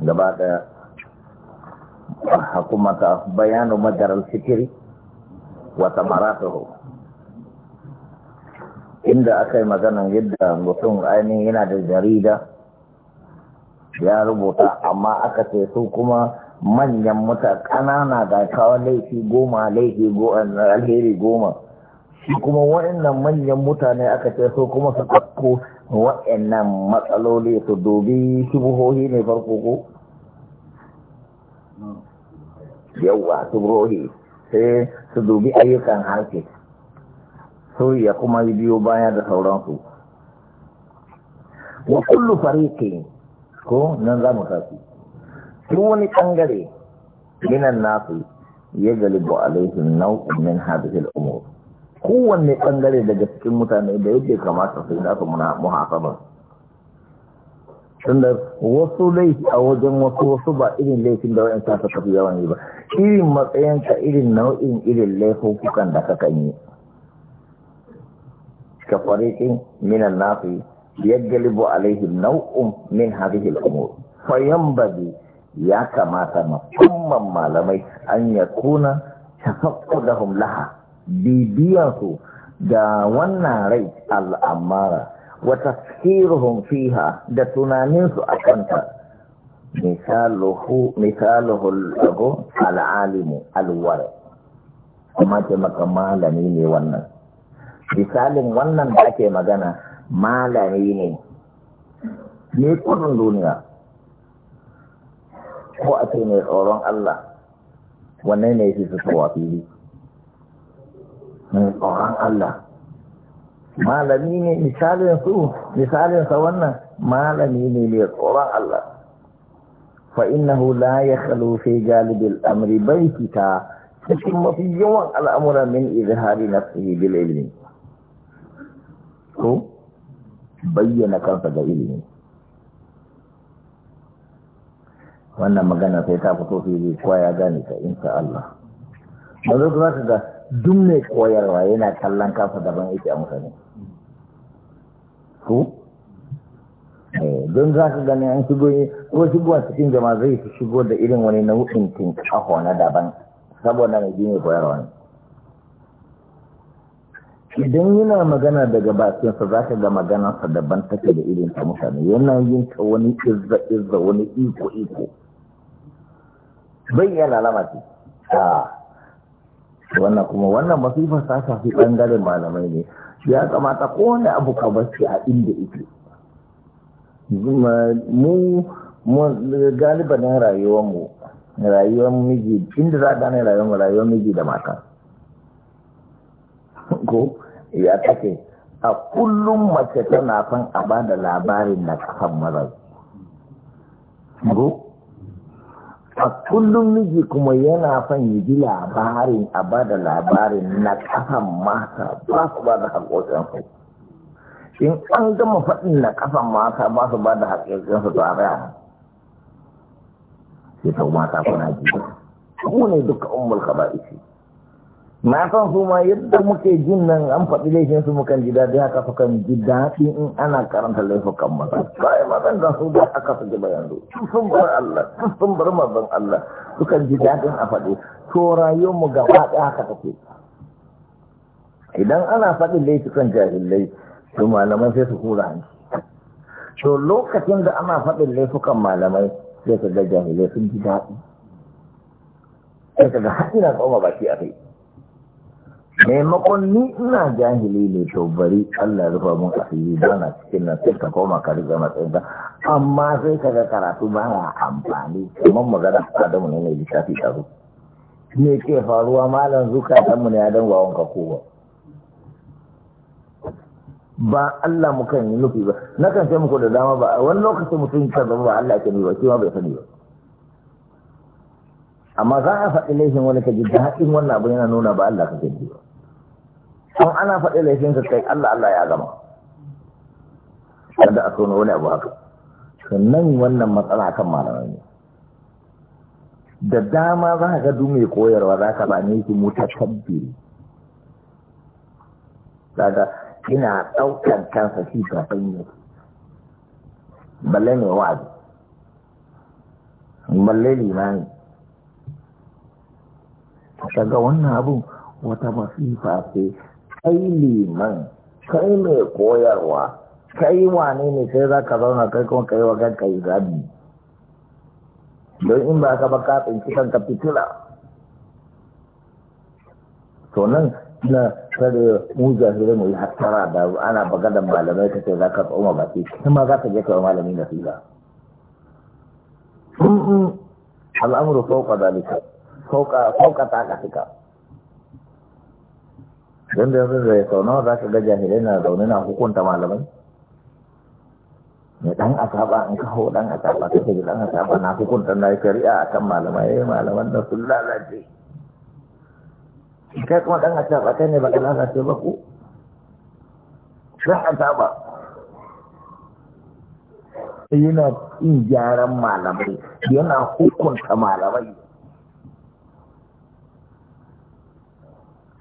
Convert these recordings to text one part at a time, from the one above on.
gaba da hakumata bayanu madaral fikiri wa tamaratuhu inda aka yi yadda mutum ainihin yana da jarida ya rubuta amma aka ce su kuma manyan muta ƙanana ga kawo laifi goma laifi alheri goma shi kuma waɗannan manyan mutane aka ce su kuma su ɗauko waɗannan matsaloli su dubi shubuhohi ne farko ko yawa shubuhohi sai su dubi ayyukan harshe su ya kuma biyo baya da sauransu wa kullu fariqin ko nan za mu tafi duk wani ɓangare minan nasu ya galibu alaihim nau'in min hadhihi umur kowanne ɓangare daga cikin mutane da yake kamata su da su muhasabar tunda wasu laifi a wajen wasu wasu ba irin laifin da wa'in sa tafi yawan yi ba irin matsayinka irin nau'in irin laifukan da ka kan yi ka fariƙin minan nafi yaggalibu alaihi nau'un min hadhihi al Fayan bazi ya kamata musamman malamai an yakuna da laha bibiyansu da wannan rai al'amara wata tsirhun fiha da tunaninsu a kanta misaluhu lagu al'alimu alwar kuma ce maka malami ne wannan misalin wannan da ake magana malami ne ne kudin duniya ko a ce mai tsoron Allah wannan ne shi su tsawafi mai tsoron Allah malami ne misalin su misalin sa wannan malami ne mai tsoron Allah fa innahu la yakhlu fi galibin amri fita cikin mafi yawan al'amura min izhari nafsihi bil ilmi ko bayyana kansa ga ilimi wannan magana sai ta fito fili kwaya ya gane ta insa Allah Mazu za ka ga duk mai koyarwa yana kallon kasa daban yake a mutane ko eh, don za ka gani an shigo ko shigo a cikin jama'a zai fi shigo da irin wani nau'in tinkaho na daban saboda mai jini koyarwa ne idan yana magana daga bakinsa za ka ga maganarsa daban take da irin ta mutane yana yin ta wani izza izza wani iko iko bai yana lalama ce. Ah. wannan kuma wannan masifar ta shafi ɓangaren malamai ne ya kamata ko wani abu ka bashi a inda ike mu galibanin rayuwarmu rayuwar miji inda za a gane rayuwarmu rayuwar miji da mata ko ya take a kullum mace tana son a ba da labarin na kafan marar a kullum miji kuma yana son ya ji labarin a ba da labarin na kafan mata ba su ba da su in an gama faɗin na kafan mata ba su ba da su to a raya sai sau mata kuna ji mu ne duka kaba ishi na san su ma yadda muke jin nan an faɗi laifin su mukan ji daɗi haka su kan ji daɗi in ana karanta laifukan maza kawai mazan da su da aka su ji yanzu sun bar Allah sun bar mazan Allah su kan ji daɗin a faɗi to rayuwar mu gaba ɗaya haka take idan ana faɗi laifukan jahilai to malamai sai su hura hanci to lokacin da ana faɗi laifukan malamai sai su ga jahilai sun ji daɗi sai ka ga har ina tsoma baki a kai maimakon ni ina jahili ne to bari Allah rufa mun asiri na cikin nan sai ka koma ka riga matsayin ka amma sai ka ga karatu baya amfani kamar magana Adamu ne ne littafi tsaro me ke faruwa malam zuka dan mu ne ya dan wawon ka kowa ba Allah mu kan yi nufi ba na kan sai muku da dama ba wani lokacin mutum ka zama ba Allah ke ne ba shi ma bai sani ba amma za a faɗi laifin wani ka ji daɗin wannan abu yana nuna ba Allah ka ke ba an ana faɗi laifin ka kai Allah Allah ya gama kada a tono wani abu haka sannan wannan matsala kan malamai ne da dama za ka ga dume koyarwa za ka bane shi mutakabbiri daga ina ɗaukan kansa shi gaban yake balle ne wa'azi balle limani ka ga wannan abu wata masifa ce kai liman kai mai koyarwa kai wane ne sai za ka zauna kai kuma kai wa kanka yi zabi don in ba ka baka ka tsinci kanka fitila to nan na kare mu jahilai mu yi hattara da ana bagadan malamai ka ce za ka tsoma baki kuma za ka je kawai malami na fila al'amuru fauka zalika fauka ta ka don da yanzu da sau nawa za ka ga jahilai na zaune na hukunta malamai mai dan asaba in ka hau dan asaba ka ce dan asaba na hukunta na shari'a a kan malamai ya malaman da sun lalace kai kuma dan asaba kai ne ba ka lalace ba ku shi asaba yana in gyaran malamai yana hukunta malamai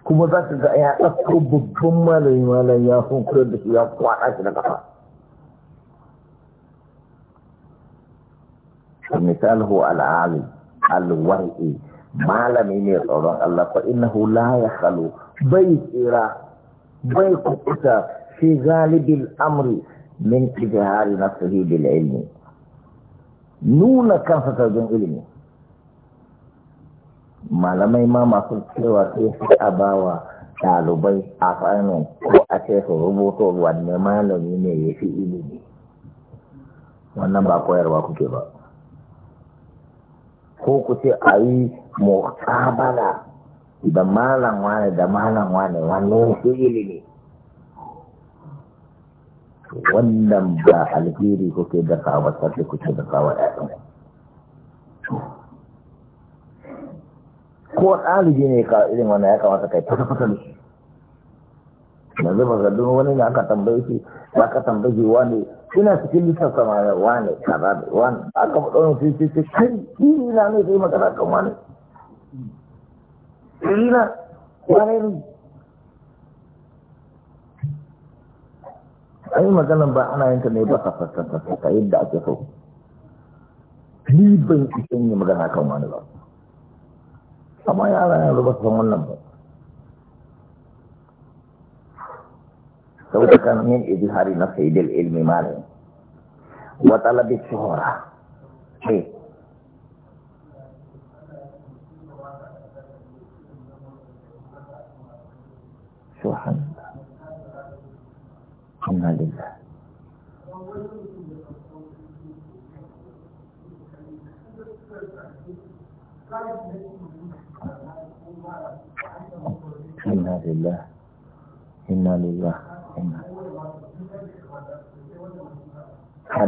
kuma za ka ga ya ɗauko babban malami malam ya funkulo da su ya kwaɗa shi na ƙafa misalhu al'ali alwar'i malami ne tsoron Allah fa innahu la yakhlu bai tsira bai kuɓuta fi galibin amri min ijhari na bil ilmi nuna kansa tarbin ilmi. malamai ma masu cewa sai sai a ba wa ɗalibai a fannin ko a ce su rubuto wanne malami ne ya fi ilimi wannan ba koyarwa kuke ba ko ku ce a yi muƙabala da malam wane da malam wane wanne fi ilimi wannan ba alheri kuke da kawo sarki kuke da kawo ɗaya. ko ɗalibi ne ka irin wanda ya kamata kai ta fata da shi na ba ga duk wani ne aka tambaye shi ba ka tambaye wani ina cikin listar samarar wani kaza da wani aka faɗo ne sai sai kai ina ne sai magana kan wani ina wani ne an yi magana ba ana yin ta ne ba ka fasar ta yadda ake so ni ban isan yi magana kan wani ba amma yara yanzu ba su san wannan ba saboda kan min izhari na sayyidil ilmi mara? Wata talabi shuhura ce inna lillah inna lillah inna ka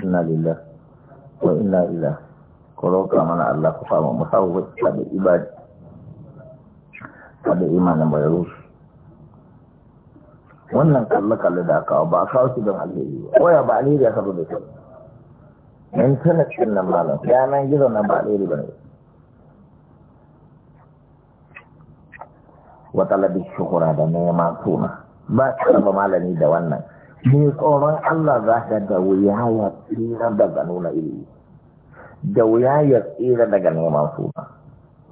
inna lillah wa inna illah ku mana Allah ku samu musawwar da ibadi da imanin mai rusu wannan kalle-kalle da aka ba a su don alheri ba waya ba alheri ya karu da shi in tana cikin nan malam yanan gizo na ba alheri ba ne wa talabi shukura da neman suna ba ka raba malami da wannan ne tsoron Allah za ka da wuya ya tsira daga nuna iri. da wuya ya tsira daga neman suna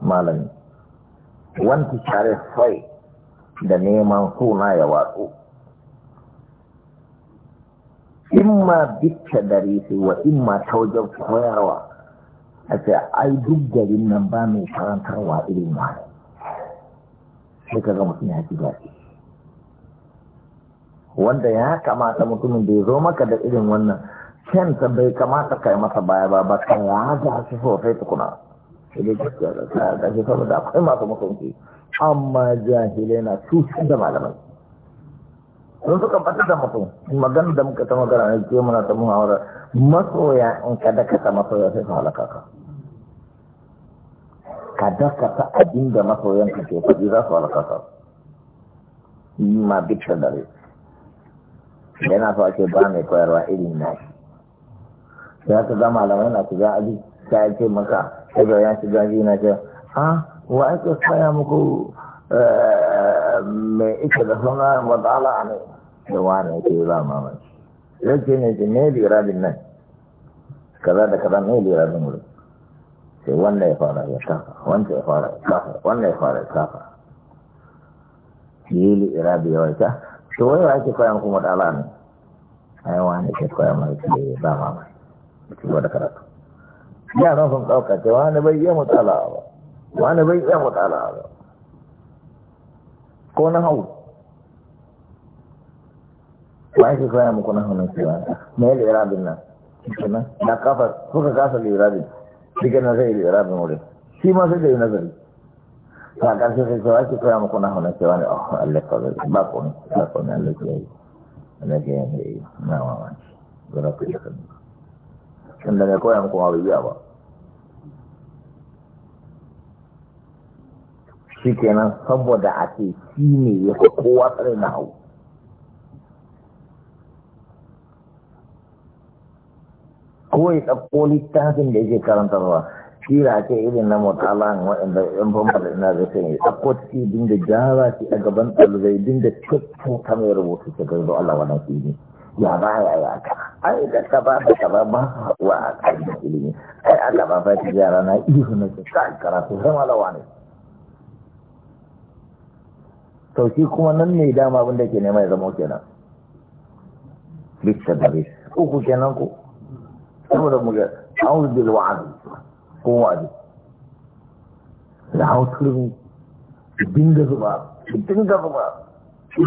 malami wanti tare sai da neman suna ya watsu imma bicce dare sai wa imma ta wajen koyarwa a ce ai duk garin nan ba mai karantarwa irin wani sai ka ga mutum ya ci gashi wanda ya kamata mutumin da ya zo maka da irin wannan ta bai kamata kai masa baya ba ba kan ya ga shi sosai tukuna sai dai gaskiya da sa ga shi saboda akwai masu mutunci amma jahilai na cutar da malamai sun suka fata da mutum magana da muka ta magana ne ke muna ta muhawara masoya in ka daka ta masoya sai ka halaka ka ka dakata abin da masoyanka ke faɗi za su halakata yi ma duk da dare yana so ake ba mai koyarwa irin na shi ya ka zama malamai na shiga aji ta yake maka shiga ya shiga aji na ce ha wa ake koya muku eh, mai ita da suna wadala ne da wani yake ba mamaki zai ce ne ce ne lirabin nan kaza da kaza ne lirabin wurin sai wanda ya fara ya kafa wanda ya fara ya kafa wanda ya fara ya kafa yili irabi ya waita to wai wa ake koyan kuma da ala ne ai wani ke koyan mai ke ba ma mai ci gaba da karatu yaran sun ɗauka ce wani bai iya mutsala ba wani bai iya mutsala ba ko na hau ba ake koyan muku na hau na cewa mai li lirabin nan kenan na kafa suka kasa lirabin cikin na zai lura da wurin shi ma sai da yi nazari ta ƙarshe sai sai ake koya muku na hana cewa ne oh Allah ka zai ba ku ne ba ku ne Allah ke yi Allah ke yi na mamaki zura ku da kanu inda mai koya muku ma bai ba shi kenan saboda a ce shi ne ya kowa tsare na hau ko ya ɗauko littafin da yake karantarwa kira ce irin na mutalan waɗanda yan bamba da ina zai sanya a kwaci dinga gyara shi a gaban ɗalibai dinga cikin kamar rubutu ta gaido Allah wani ilimi ya ba ya ya ka ai da ka ba da ka ba ba wa a kan ilimi ai aka ba ba ta jara na ihu na ce ka karatu zama lawa ne sauki kuma nan ne dama abin da ke nema ya zama kenan bisa da bisa uku kenan ku. saboda mu ga auz bil wa'd ko wa'd da hauturin dinga zuba dinga zuba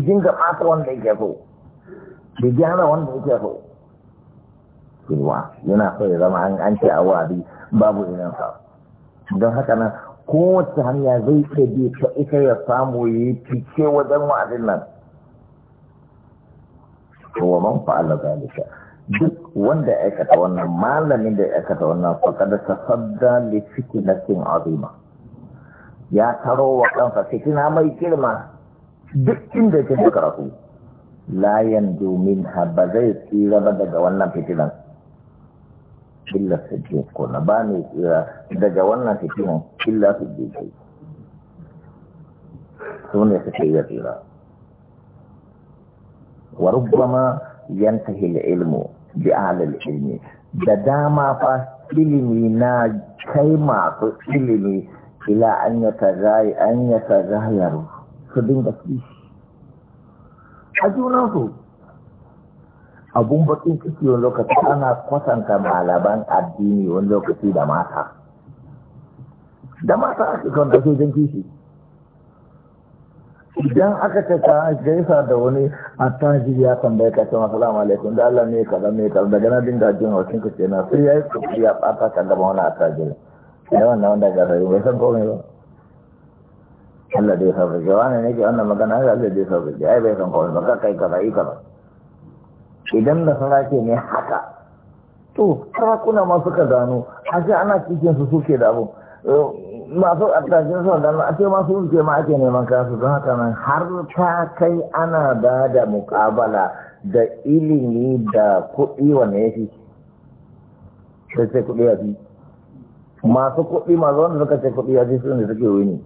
dinga fata wanda yake so da gyara wanda yake so cewa yana so ya zama an an ce a wa'adi babu inan sa don haka nan kowace hanya zai ce bi ta ita ya samu yi fice wajen wa'adin nan to wa man fa'ala zalika duk wanda ya aikata wannan malamin da ya aikata wannan faƙada ta sadda li fitinatin azima ya taro wa kansa fitina mai girma duk inda yake da karatu Layan yanzu minha ba zai tsira ba daga wannan fitinan illa sujje ko na ba ne tsira daga wannan fitinan illa sujje ko su ne suke iya tsira wa rubbama hila ilmu bi ilmi da dama fa ilimi na kai masu ilimi ila an ya tagayi an ya tagayaru su dinga kishi a su abun bakin ciki wani lokaci ana kwatanta malaman addini wani lokaci da mata da mata ake kan da sojan kishi idan aka ce ka gaisa da wani tajir ya tambaye ka ce assalamu alaikum da Allah ne kaza ne kaza daga na dinga jin wasu ka ce na sai yi kokari ya bata ka gaba wani a tajir ya wanda ga sai bai san komai ba Allah dai sa ga wani ne ke wannan magana ya Allah dai sa ga ai bai san komai ba ka kai kaza yi kaza idan da ce ne haka to sarakuna ma suka gano a ce ana cikin su suke da abu masu addashin son da a ce masu wuce ma ake neman kansu don haka nan har ta kai ana ba da mukabala da ilimi da kuɗi wa ya fi sai sai kuɗi ya fi masu kuɗi masu wanda suka ce kuɗi ya fi su ne suke wuni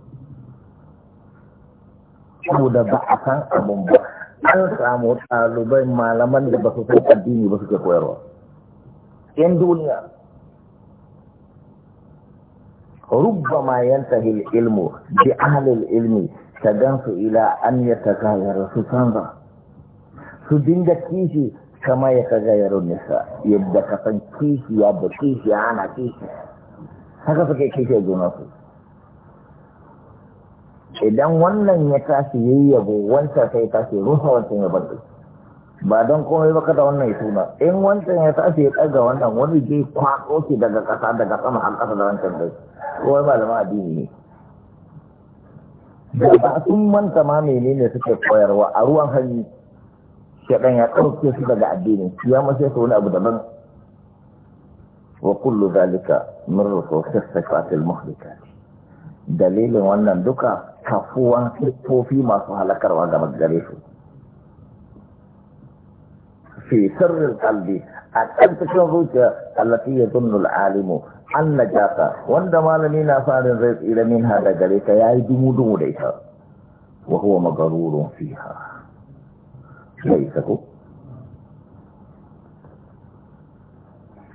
da ba a san abun ba an samu ɗalibai malaman da ba su san addini ba suke koyarwa yan duniya rubbama yantahi ilmu bi ahli ilmi tadansu ila an yatagayyaru su canza su dinga kishi kama ya tagayyaru nisa yadda ka san kishi ya da kishi ana kishi haka suke kishi juna su idan wannan ya tashi yayyabo wancan sai tashi ruha wancan ya bar ba don komai ba da wannan suna. in wancan ya tashi ya ɗaga wannan wani zai kwaso shi daga ƙasa daga sama har ƙasa da wancan dai kowai da addini ne da ba sun manta ma menene suke koyarwa a ruwan hanyi shaɗan ya ɗauke su daga addini ya mace su wani abu daban wa kullu zalika min rususi sifatil muhlikat dalilin wannan duka kafuwan siffofi masu halakarwa ga magare su في سر القلب أتنتشن روجة التي يظن العالم أن نجاك وندما لنا فارن الرئيس إلى من هذا جليك يا دمو ليس وهو مغرور فيها ليس هو